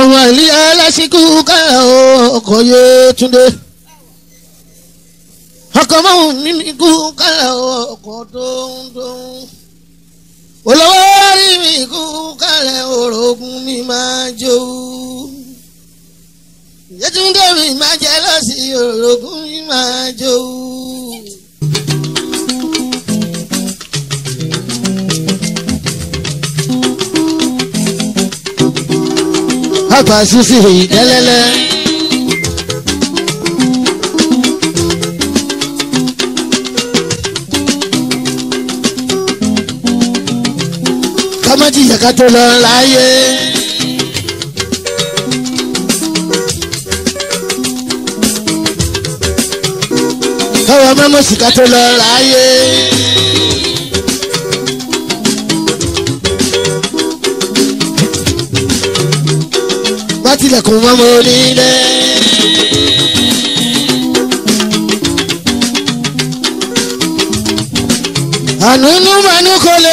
ọ̀wọ́n ilé ẹlẹ́sìnkú ká ọkọ̀ yé túndé ọkọ̀ mọ́hún nínú ká ọkọ̀ dóńdóń olówó rí mi kú kálẹ̀ orogún mi máa jó yẹtúndé mi máa jẹ́ lọ́sí orogún mi máa jó. àgbà sísè dẹ́lẹ́lẹ́. kámẹ́tì yẹ ká tó lọ láyé. káwọn mẹ́mọ́sì ká tó lọ láyé. tilẹ̀kùn mọ́mọ́ onílé. ànúnú mànú kò lè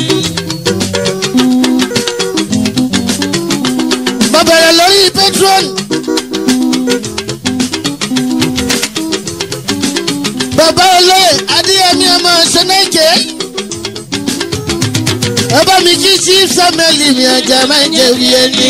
family mi ọjà máa ń jẹ wíyé ní.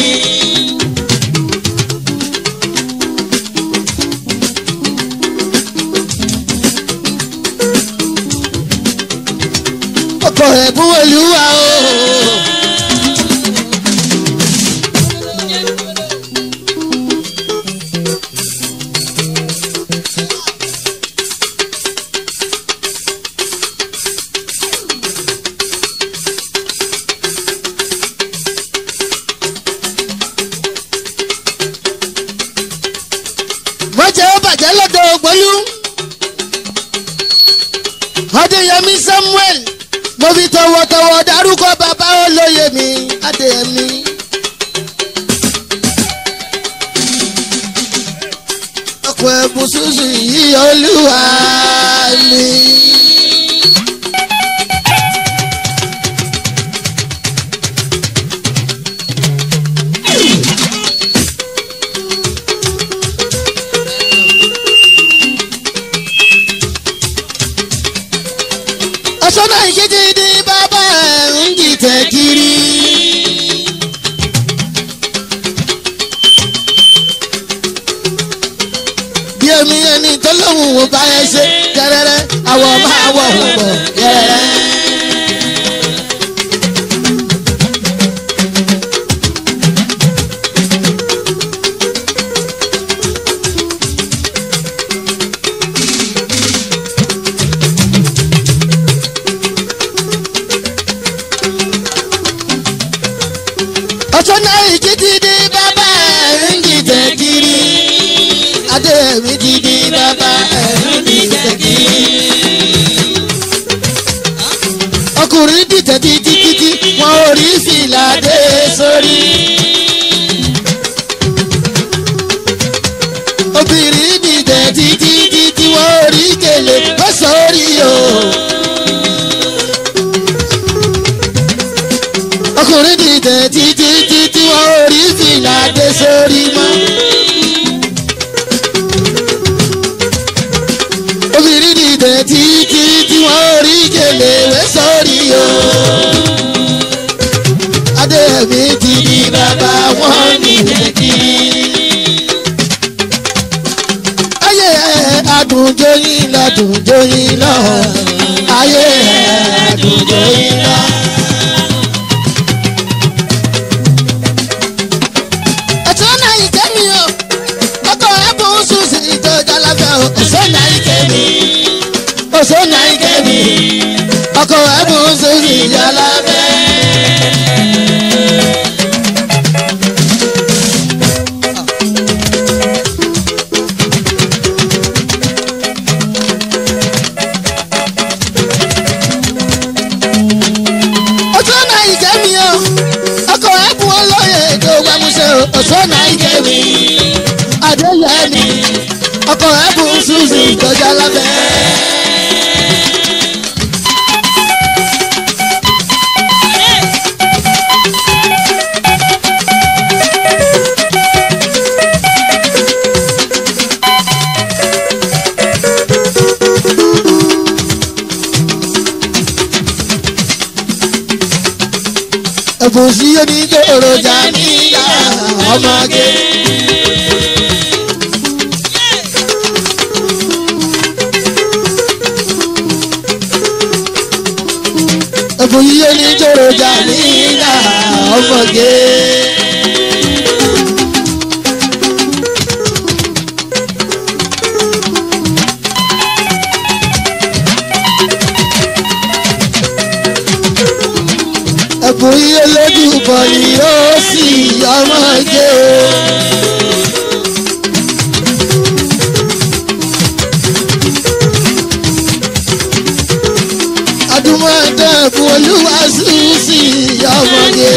ọkọ̀ rẹ̀ búwọ̀lú wa o. ẹ̀bùn ṣíṣì yìí olúwa ni. sóyà ń kẹ́mi ọkọ̀ ẹ̀bùn sóyì yàrá mi. kò sí onígbòòrò jà níyà ọmọge. Èkó yíyé ní jòrò jà níyà ọmọge. ọ̀fọ̀ ni ó sì yọ máa jẹ́ o. ẹ̀bùn olúwa ṣùṣì ọmọge.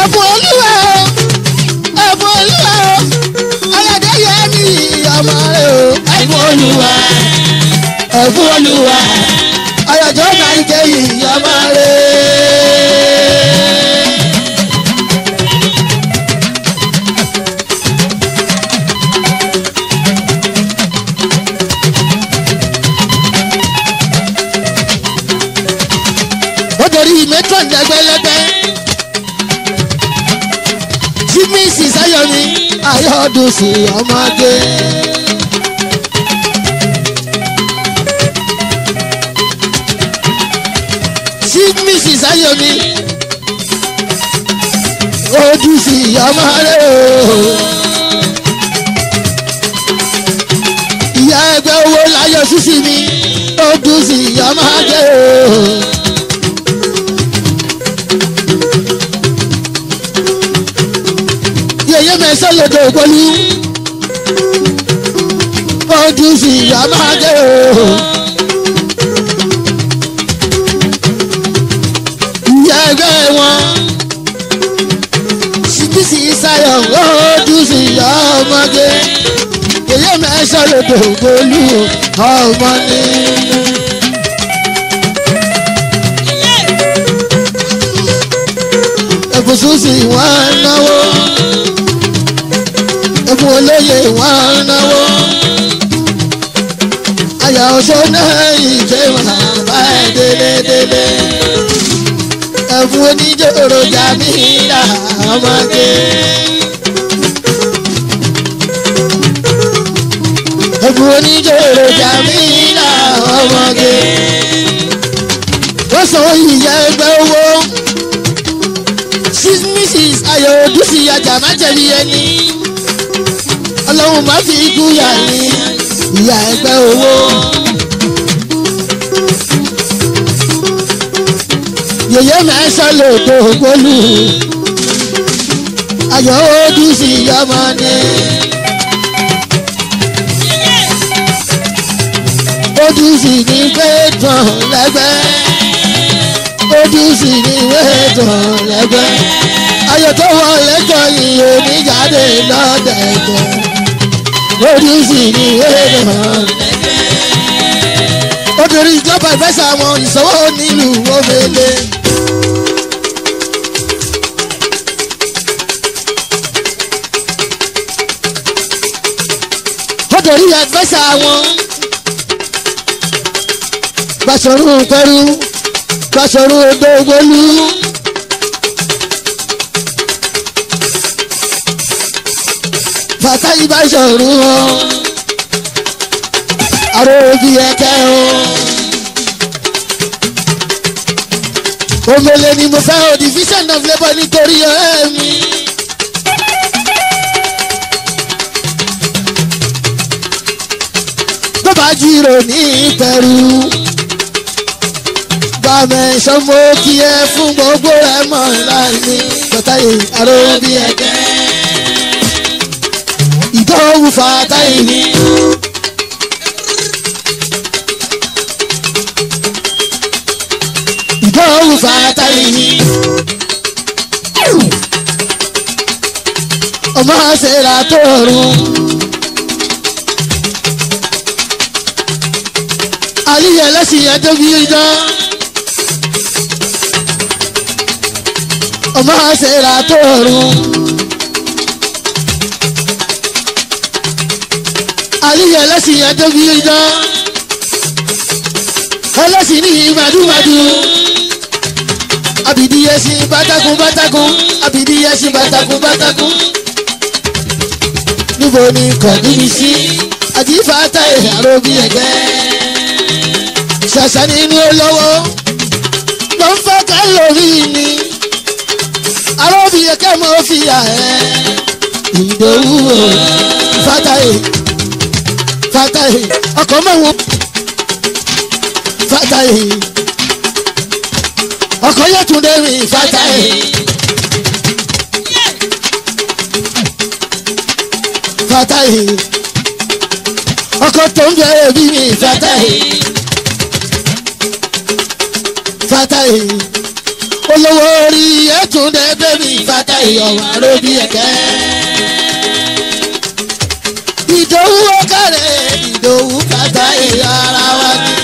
ẹ̀bùn olúwa ẹ̀bùn olúwa ọlọ́dẹ yẹn ní ọmọ rẹ o. ẹ̀bùn ẹ̀bùn olúwa ọ̀yọ̀jọ́ máa ń jẹ́ ìyọ́mọ́ rẹ̀. torí mẹ́tọ́ ǹdẹ́gbẹ́lẹ́gbẹ́. Jimmy Sisayomi Ayọ̀dùnsì ọmọge. mi ojú sì yá máa rẹ̀ o. ìyá ẹgbẹ́ owó láyọ̀ sísì mi ojú sì yá máa jẹ́ o. yẹyẹ mẹsẹ̀ lọ́dọ̀ ògbólú ojú sì yá máa jẹ́ o. wọn. Sìtìsì Ìsáyọ̀ ojú sì yọ ọmọge. Èyí mẹ́sàn-án lòdò ògbólú ọmọ ni. Èbùsùn sì wọ́n náwó. Èbù olóye wọ́n náwó. Àyà ọ̀ṣọ́ náà ìjẹun àbá ẹ̀ délé délé fún oníjòrò Jamila ọmọge. Ẹ̀bùn oníjòrò Jamila ọmọge. Wọ́n sanwó ìyá ẹgbẹ́ owó. Mrs. Ayọ̀ Odúsì Ajá má jẹ̀bi ẹni. Ọlọ́run má fi ikú yà ní ìyá ẹgbẹ́ owó. yèyé mẹ́sàn lè tó gbólù ayọ̀ ojú sí yọmọ ni. ojú sì ní wẹ́ẹ̀tàn lẹ́gbẹ́ ojú sì ní wẹ́ẹ̀tàn lẹ́gbẹ́ ayọ̀ tó wọ lẹ́jọ́ yìí oníjáde lọ́dẹ̀ẹ́gbẹ́ ojú sì ní wẹ́ẹ̀tàn lẹ́gbẹ́ obìnrin ìjọba ìfẹsẹ̀ àwọn ìsanwó nílùú omele. wọn. Gbàsọ̀rún Pẹ́rú Gbàsọ̀rún Odògbólú. Fàtáyì Gbàsọ̀rún o. Àrò òbí ẹ̀kẹ́ o. Omele ni mo fẹ́ o division of labour nítorí ọ̀rẹ́ mi. àjírò ní ìtẹ̀rù. Bàmẹ̀sán mo kí ẹ fún gbogbo rẹ̀ mọ̀ láìní. Tọ́tayé aró bí ẹ̀kẹ́. Ìdánwò fàtáyé ni. Ìdánwò fàtáyé ni. Ọmọ àṣẹ ra tó rùn. àlíyẹ ẹlẹ́sìn yẹn débi idán. ọmọ àṣẹra tó rùn. àlíyẹ ẹlẹ́sìn yẹn débi idán. ẹlẹ́sìn ní màdúmàdú. àbìdíyẹsìn bátákùn bátákùn àbìdíyẹsìn bátákùn bátákùn. níbo ni kọ̀ọ̀dún mi sí? àjífà táyà ló bí ẹgbẹ́ ṣẹ̀ṣẹ̀ ni ní olówó ló ń fẹ́ ká lórí mi arábìyẹ kẹ́ mo fi yà ẹ́ ìdòwú o fatahi fatahi ọkọ̀ mẹ́wọ̀n fatahi ọkọ̀ yẹtùndé mi fatahi. fatahi ọkọ̀ tó ń bẹ̀rẹ̀ bí mi fatahi fatahi olówó orí ẹtùndé bẹbí fatahi ọwọ aróbí ẹkẹ. ìdòwú ọkàrẹ ìdòwú fatahi ara wa ni.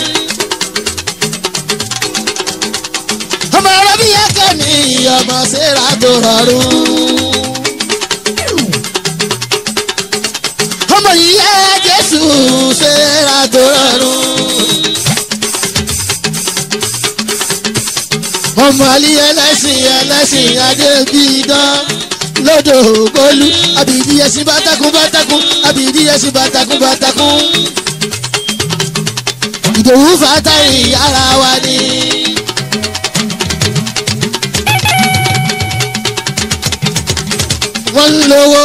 ọmọ arábí ẹkẹ ni ọmọ sẹ́ra tó rọrùn. ọmọ yìí ẹ jésù sẹ́ra tó rọrùn. ọmọ alẹ́ ẹlẹ́sìn ẹlẹ́sìn adé bíi dán lódò ògbólú àbìdí ẹsìn bátakún bátakún àbìdí ẹsìn bátakún bátakún. ìdòwú fàtàrí ara wa ni. wọ́n ń lówó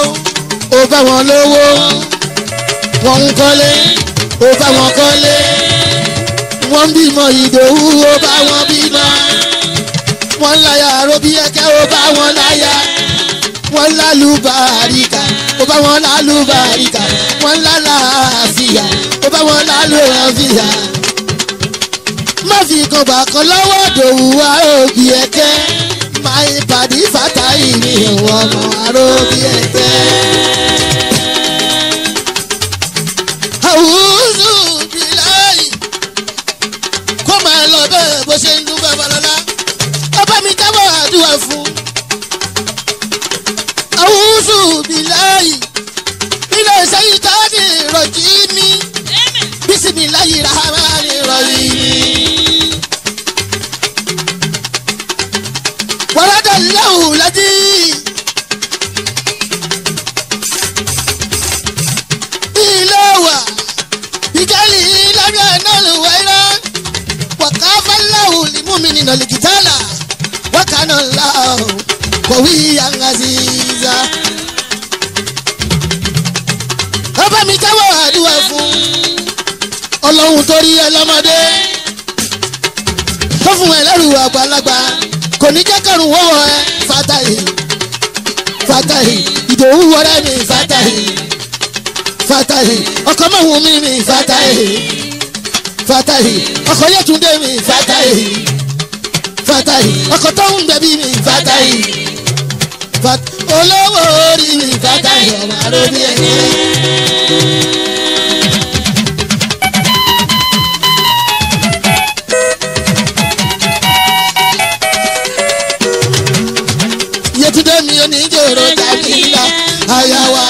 ó bá wọn lówó wọ́n ń kọ́lé ó bá wọn kọ́lé wọ́n ń bímọ ìdòwú ó bá wọn bímọ wọ́n láyà robi ẹ̀kẹ́ ó bá wọn láyà wọ́n lálùbáríkà ó bá wọn lálùbáríkà wọ́n lálàáfíà ó bá wọn lálùbáríkà má fi kọ̀bà kan lọ́wọ́ dòwú wá òbí ẹ̀kẹ́ máa ìpàdé fàtà ìní ìwọ̀n ọmọ àròbí ẹ̀kẹ́. fún. àwùjọ bìláyì. àgbàlagbà kò ní jẹ́ kẹrù wọ́wọ́ ẹ Fatahi Fatahi Ìdòwú wọlé mi Fatahi Fatahi ọkọ mọ̀hún mi mi Fatahi Fatahi ọkọ Yétúndé mi Fatahi Fatahi ọkọ tóun bẹ̀bí mi Fatahi olówó orí mi Fatahi ọmọ àròbí ẹni. èròjà kìlà àyàwá.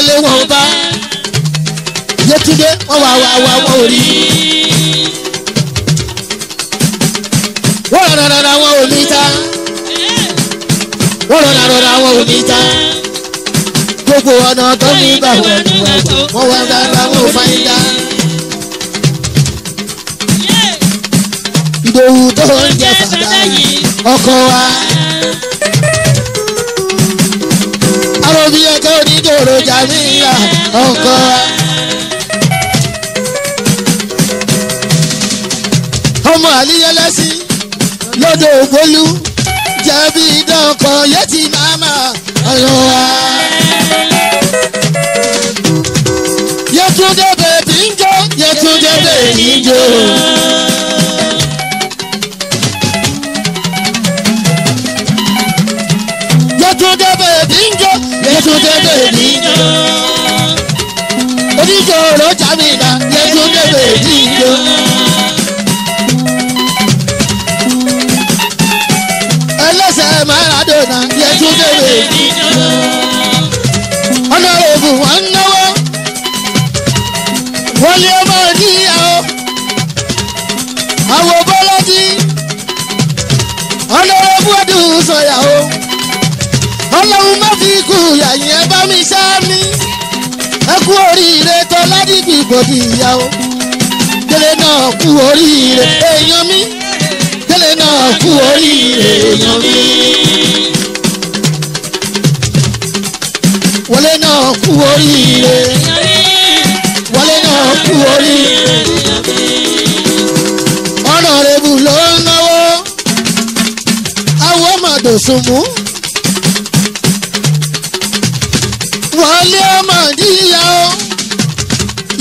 délé wọn ò bá yétúndé wọn wà wà wà wọn ò rí wọn rọra rọra wọn ò ní ta wọn rọra rọra wọn ò ní ta gbogbo ọ̀nà tó ní gbà wọ́n ní wọ́n wọ́n rárá wọn ò fáyín dá. ìdòwú tó ń jẹ fàdá ọkọ wa. Àrò bí ẹ̀kẹ́ onídòrò jamiya, ọkọ. Ọmọ àlíyẹlẹ́sí lọ́dọ̀ ògbólú jẹ̀bi ìdánkan yẹ́tì màmá ọ̀yọ́ wa. Yẹtúndé bèbí ń jó, Yẹtúndé bèbí ń jó. Jésù débè níjó. Oníṣòro Jàmínà Jésù débè níjó. Ẹlẹ́sẹ̀ Maradona Jésù débè níjó. Ọlọ́run. hallelujah yẹn ẹ bá mi sẹ́mi ẹ kú oríire tó ládìgbì gbòdì ìyàwó délé náà kú oríire èèyàn mi délé náà kú oríire èèyàn mi. wọlé náà kú oríire wọlé náà kú oríire ọ̀nà rẹ̀ bù ló náwó àwọn ọmọdé sùn mú. wọlé mọ̀díyà o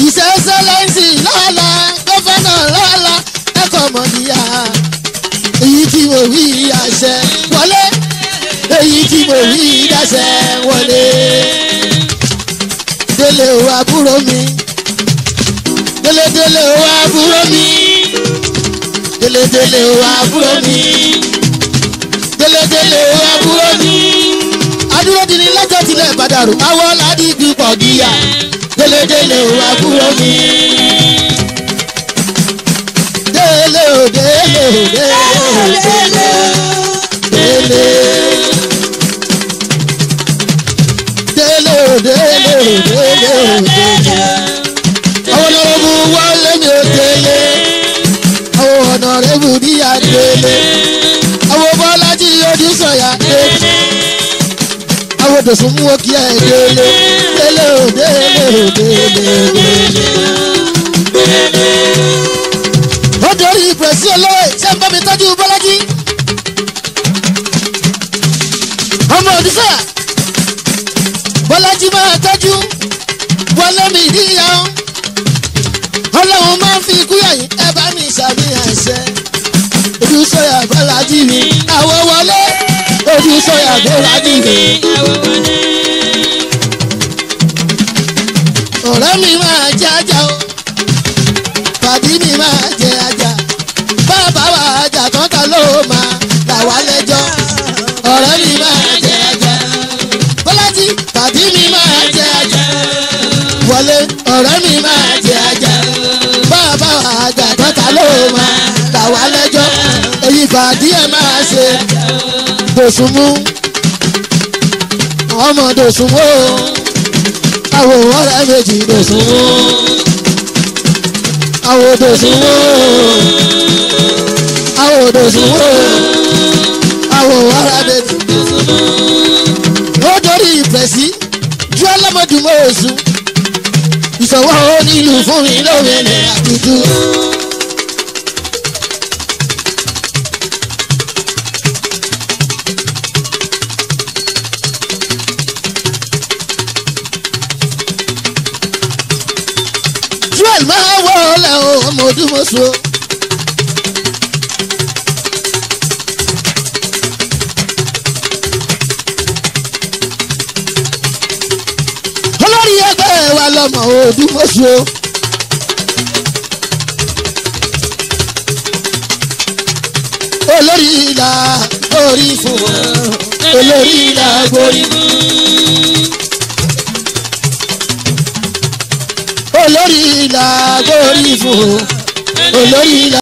ìṣẹ́sẹ́lẹ́sì lọ́la gọ́fẹ́nà lọ́la ẹ̀kọ́ mọ̀díyà èyí tí mo wí àṣẹ wọlé èyí tí mo wí dáṣẹ wọlé délé o àbúrò mi délé délé o àbúrò mi délé délé o àbúrò mi délé délé o àbúrò mi adúró di ni lọ́jọ́ tilẹ̀ ìbàdàrú awọ́ ládì gbígbọ̀ gíyà délédélé o àbúrò mi. délé o délé o délé o délé. délé o délé o délé o délé. àwọn ọ̀nà ọ̀bù wọlé mi ò délé. àwọn ọ̀nà ọ̀rẹ́bù níyà délé. àwọn bọ́lájí ojú sọ̀yà délé. Ode sùn mú òkè ẹ̀ dele délé ò délé ò délé délé. ó dorí ìpèsè olóyè ṣé ń bá mi tọ́jú bọ́lájí. ọmọ òdìsá bọ́lájí máa tọ́jú wọlé mi níyà ọlọ́run máa ń fi ikú yẹ̀yìn ẹ bá mi ṣàmì àṣẹ. ìlú sọ̀yà mi àwọn wọlé tún sọ̀yà tó rájì lè. ọ̀rẹ́ mi máa jẹ́ ajá o pàdí mi máa jẹ́ ajá bàbá wa ajá tán ta ló máa là wá lẹ́jọ́ ọ̀rẹ́ mi máa jẹ́ ajá bọ́lájí pàdí mi máa jẹ́ ajá wọlé ọ̀rẹ́ mi máa jẹ́ ajá bàbá wa ajá tán ta ló máa là wá lẹ́jọ́ èyí fàdí ẹ̀ máa ṣe. Dòsùnmú ọmọ Dòsùnmú awo ọ̀rẹ́ méjì Dòsùnmú awo Dòsùnmú awo Dòsùnmú awo ọ̀rẹ́ méjì Dòsùnmú. ó dórí ìpẹ̀sí ju ọlọ́mọdún mọ́ Ọ̀ṣun ìṣòwò onílù fún mi lómi ní àtúntò. ọmọ ọdún mọ́sọ. olórí ẹgbẹ́ wa lọ́mọ ọdún olórí ìlà orí fún wa olórí ìlà gbórí fún wa. olórí la gbórí fún olórí la.